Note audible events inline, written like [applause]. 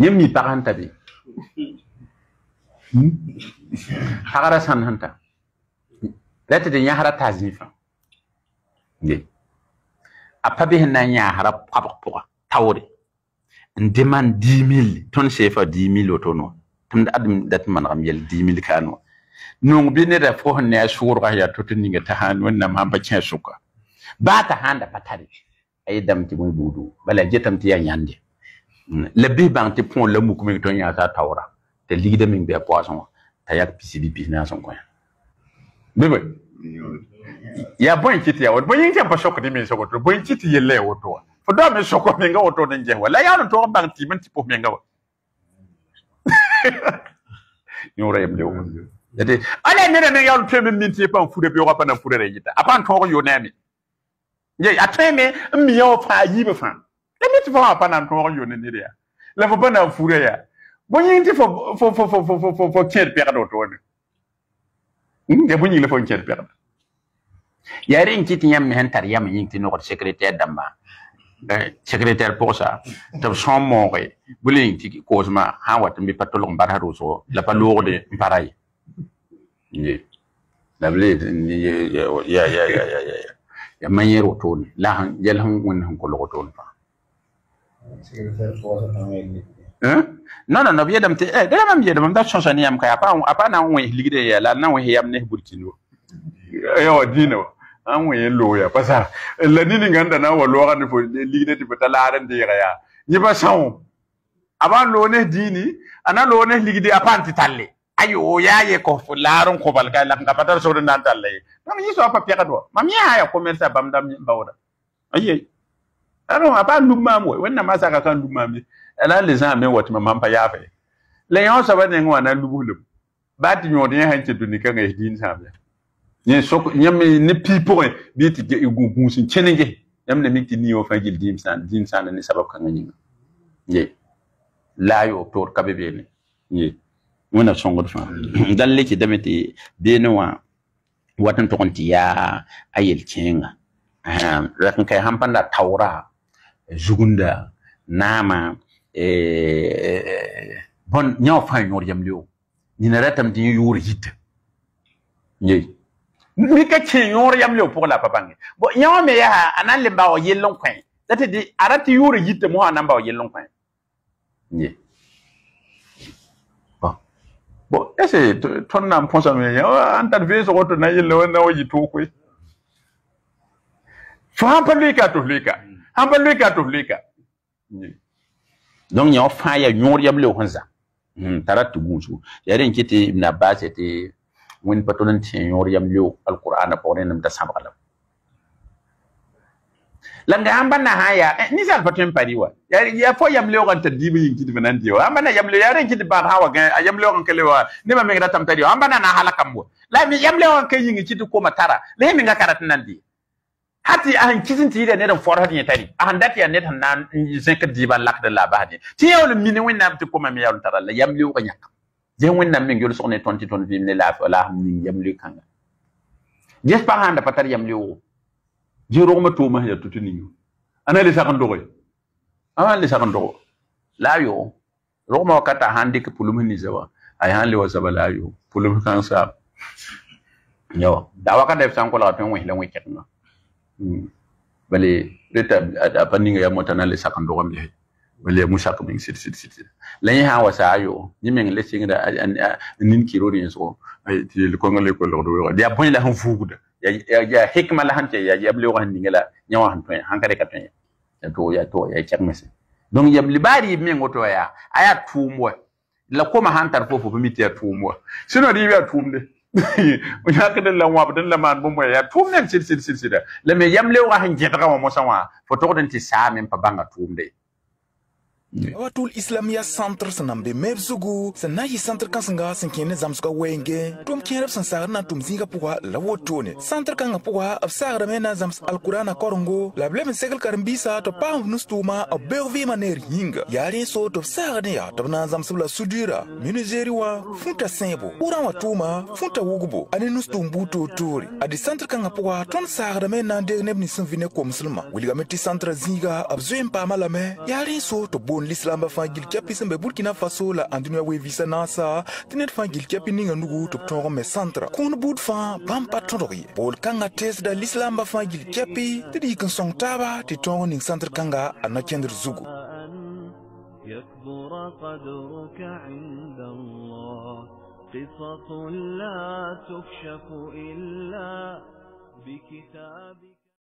nyem mi paranta be hagara san hanta lati de nyahara tazifa de apa be na nyahara pabak poka tawre ndeman 10000 ton chefa 10000 otono tum adam dat man ram yel 10000 kanu nung bi ne da fo ne asura ya totni ga tahan wannan ma bacin suka ba ta handa patari ay ti moy budu bala ti ya nyande la bɩ bãng tɩ põo la muk meng tõe n yãa t'a taoora t'a ligda meng bɩ a poasẽ wã t'a yak pisi bɩ pis naasẽn kõ yã bɩbe yaa bõe kɩ tɩ ya woto bõe yĩng tɩ pa sokd mensã woto bõe kɩ tɩ yella ya woto wã fo doa me sokɔ menga woto n gɛs wa la yaa no tog n bãng tɩɩm n tɩ pʋs menga wa yõora [laughs] yem le wa ate ala nera me yaa no tõe me min tɩ ye pãn fura beoogã pa na fura ra yɩta a pãn tõog yo ne a ye a tõe me mi yã wã fãa yiibe fãa emi ti fɔ wa pa na tɔgɔ yoni ne de ya lafa pa na fure ya bonyi ti fɔ fɔ fɔ fɔ fɔ fɔ fɔ fɔ tiɲɛ pɛgɛ dɔ tɔɔni nde bonyi le fɔ tiɲɛ pɛgɛ yari n kiti yam hen tar yam yin ti no secrétaire damba secrétaire pour ça to son moore bulin ti kozma ha wat mi patolong barado so la pa lourde pareil ni la blé ni ya ya ya ya ya ya manière autone la jel hon won hon ko logo ton pa Segele fèl fòz apan wè gne. Non, non, non, eh, yè eh, oh, oh, non, dam te, e, de la mèm yè dam, mèm dat chonsan yèm kaya, apan nan wè yè ligide yè, lan nan wè yèm nèk boulitin wè. E yo, dine wè, an wè yè lò wè, pasan, lè nini ganda nan wè, lò wè nifo, ligide tibè talaren dire ya. Nye basan wè, apan lò wè nèk dini, an nan lò wè nèk ligide, apan titallè. Ayo, yè yè kòf, lò wè nkòbalkan, lè mèm kapatèlè sò wè nan tallè. alors a pa lum mam we wẽnnaam a zaga kan lum mam ye la n le zãa me n wa tɩ mam mam pa yaafa ye la yõ soaba neng wã na lubslem baa tɩ yõod yẽ sãn tɩ nika kãngã yes diin sãam ya yẽ sok yãmb ne pii pʋgẽ bɩ tɩ gũus n kẽnege yãmb na mik tɩ nii wã fãa gil diin sãana ne sabab kãngã yĩnga ye la a yoob toor ka be beene ye wẽna sõngd fãa dal le kɩdame tɩ beene wã wat n tʋg n tɩ yaa a yel-kẽenga rɛk n ka sãn pa n taura جوجوندا نعمة بون نيو فاي نور جام ليو نينا راتم دي يور هيت ني mi ka kẽ yõor yam leo pʋgã la pa bãnge bo yãwã me yaa a e na n le n bao yell n kõ la tɩ a ra tɩ yʋʋra yitɩ mosã na n bao yell n kõ ye bo ese tõnd na n põsame n tar veesg woto na yella na wa yɩ tʋʋk fãa pa loɩka a tʋf loɩka han pa leka to leka donc nyaw fa ya nyor ya ble honza hmm taratu gunsu ya ren kiti ibn abbas ete win patolon ti nyor ya mlo alquran pa wonen da sabala langa amba na haya eh, ni sal patem pari ya ya fo ya mlo kan tadibi yin kiti banan diwa amba na ya mlo ya ren kiti ba hawa ga ya mlo kan kelewa ne ma menga tam tadi amba na na halakam la mi ya mlo kan yin kiti ko matara le mi ga karat nan diwa hati a han kisin ti da nedan for hadin tari a han dati ya nedan nan zin ka diban lak da bahdi ti yawul min winna bi kuma mi taral taralla yamli wa yak jen winna min gol sokne tonti ton bi ne la la ham min yamli kanga je pa handa patar yamli wo ro ma to ma ya ni yo ana le sakan dogo ana le sakan dogo la yo roma kata handi ke pulum ni zawa ay han le wa la yo pulum kan sa yo e wa ka def san ko la pen wi la wi ketna Hmm. bale reta a pa ya mota na le saka ndogam le bale mu saka min sit sit sit la yi ha wasa ayo ni men le singa da nin ki rori so ti le ko ngale ko lo do ya bon la han fuguda ya ya hikma la han te ya yable wa ninga la nyawa han to han kare ka ya to ya to ya chakmese donc yable bari men goto ya aya e tumwa la koma han tar fofo mi te tumwa sino ri ya tumde yak la wãb dẽn la maan bũmb yaa tʋʋm ned sɩd sɩd sɩd sɩda la me yam le wã sẽn gẽdga wã mosã wã fo togd n tɩ saa me n pa bãnga tʋʋmde watu islamia centre sẽn na n be meb zugu sẽn na n yɩ centr kãsenga sẽn kẽer ne zãmsgã wɛɛngẽ tʋm kẽer b sẽn sagr na n tʋm zĩigã pʋga la wotone centr kãngã pʋga b sagrame na n zãms alkurana korengo la b leb n segl karen-biisã tɩ b paam b nustʋʋma b beog vɩɩmã neer yĩnga yaa rẽ-so tɩ b sagd n yaa tɩ b na n zãmsb la sudurã minizeri wã fũta sẽebo pʋgrã wã tʋʋma fũta wugbo a ne nustʋʋm buud-toor-toore a dɩ centr kãngã pʋga tõnd sagrame na n deg neb nins sẽn vɩ ne komslmã wilgame tɩ centrã zĩiga b n paamã lame yaa rẽ-so tɩ bon lislam fãa gil kɛpɩ sẽn be burkina faso la andũni a weevisa naasa tɩ ned fãa gil kɛpɩ ninga nugu tɩ b tõog me centra kõon buud fãa bãmb pa tõdg ye bool-kãngã teesda lislaambã fãa gil kɛpɩ tɩ d yik n sõng taaba tɩ tõog ning centr-kãnga a nakẽndr zugu يكبر قدرك عند الله قصص لا تكشف إلا بكتابك